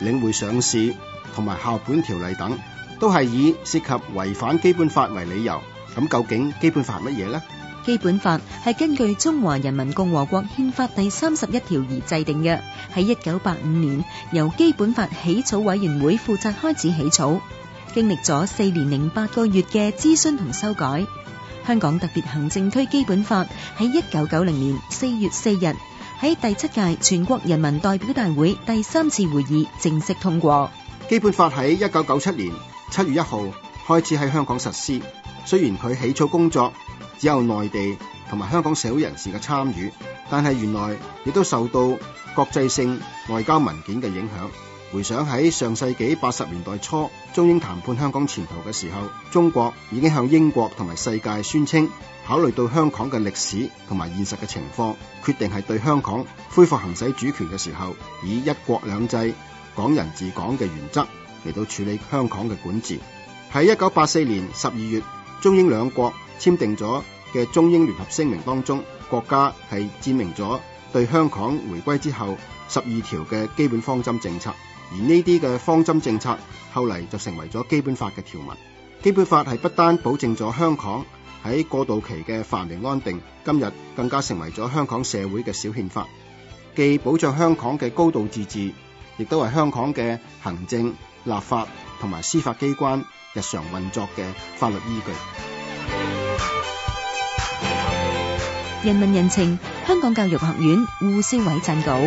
領會上市同埋校本條例等，都係以涉及違反基本法為理由。咁究竟基本法係乜嘢呢？基本法係根據《中華人民共和國憲法》第三十一條而制定嘅，喺一九八五年由基本法起草委員會負責開始起草，經歷咗四年零八個月嘅諮詢同修改。香港特別行政區基本法喺一九九零年四月四日，喺第七屆全國人民代表大會第三次會議正式通過《基本法》，喺一九九七年七月一號開始喺香港實施。雖然佢起草工作只有內地同埋香港社會人士嘅參與，但係原來亦都受到國際性外交文件嘅影響。回想喺上世紀八十年代初，中英談判香港前途嘅時候，中國已經向英國同埋世界宣稱，考慮到香港嘅歷史同埋現實嘅情況，決定係對香港恢復行使主權嘅時候，以一國兩制、港人治港嘅原則嚟到處理香港嘅管治。喺一九八四年十二月，中英兩國簽訂咗嘅中英聯合聲明當中，國家係佔明咗。對香港回歸之後，十二條嘅基本方針政策，而呢啲嘅方針政策，後嚟就成為咗基本法嘅條文。基本法係不單保證咗香港喺過渡期嘅繁榮安定，今日更加成為咗香港社會嘅小憲法，既保障香港嘅高度自治，亦都係香港嘅行政、立法同埋司法機關日常運作嘅法律依據。人民人情。香港教育學院胡思偉撰稿。